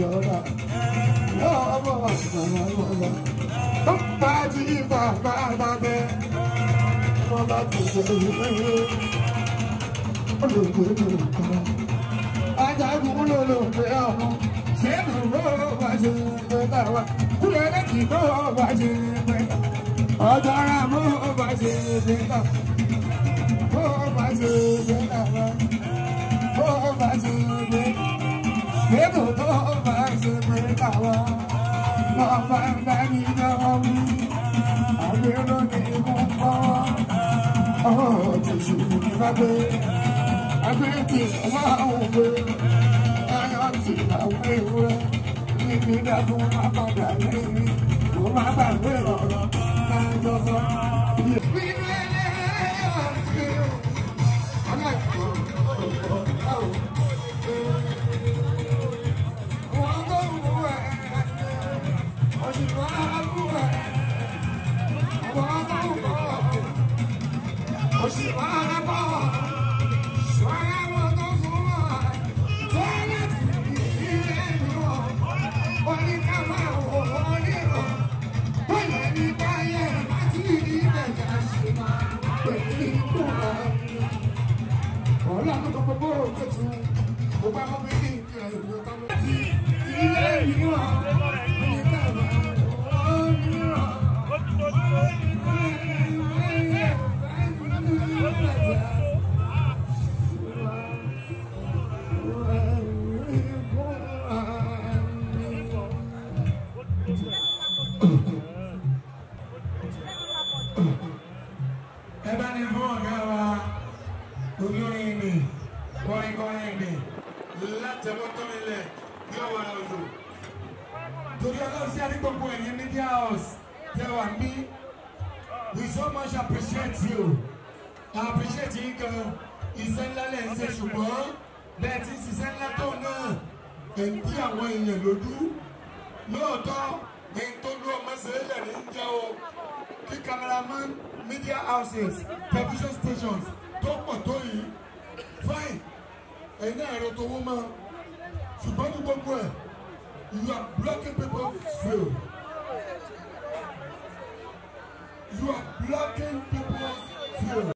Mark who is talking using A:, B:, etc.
A: yọ̀ọ̀dà ọmọ bàbá yọ̀ọ̀dà tó bá ti bàbá dàbẹ́ wọ́n bá ti ṣe ìwé olùgbé lòkọ́ ajagun lòlògbé ọ̀hún sẹ́nu lọ́wọ́ ṣe ìgbé tàwa kúlẹ̀ lẹ́kì tó ọba ṣe ìgbé ọjọ́ ara mọ́ ọba ṣe ìgbé tàwa ọba ṣe ìgbé. gbàgbé agbèrèkè ọba àwọn òwe táyọ̀ ti àwọn Wow. ọ̀la tó kọ́ gbogbo òkè tu mo bá wọn fi kí nǹkan ìwé ta lọ sí ilé mìíràn ní kàwá mìíràn. Thank you. ẹ̀kọ́rin ẹ̀gbẹ́ látẹ̀wọ́tọ́ torí ọlọ́run sí àdìgbòkú media house tẹwà mí we so much appreciate you I appreciate yín gan iṣẹ́ ńlá lẹ̀ ń ṣe ṣùgbọ́n bẹ́ẹ̀ ti ṣiṣẹ́ ńlá tó náà ẹ̀ ń dí àwọn èèyàn lójú lóòótọ́ ní tó dúró mọ́sẹ̀lẹ̀ ní jẹ́ o kí cameraman media houses television stations tó pọ̀ tó yẹ ẹ̀yin náà tó wọ́n máa ṣùgbọ́n ní gbogbo ẹ̀ you are blocking people view you are blocking people view.